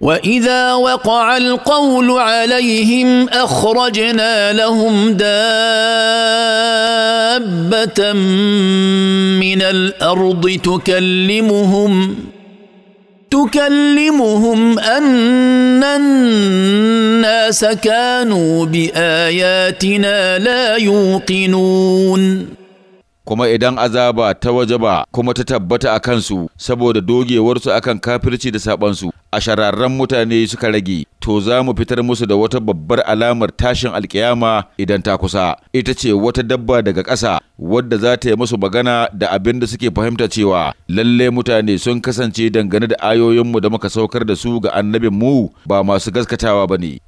واذا وقع القول عليهم اخرجنا لهم دابه من الارض تكلمهم تكلمهم ان الناس كانوا باياتنا لا يوقنون kuma idan azaba ta waje ba kuma ta tabbata a kansu saboda dogewarsu akan kafirci da sabansu a shararren mutane suka rage, to za mu fitar musu da wata babbar alamar tashin alkiyama idan ta kusa, ita ce wata dabba daga ƙasa wadda za ta yi musu magana da abin da suke fahimta cewa lalle mutane sun kasance dangane da ayoyinmu da muka saukar da su ga annabinmu ba masu gaskatawa ba ne.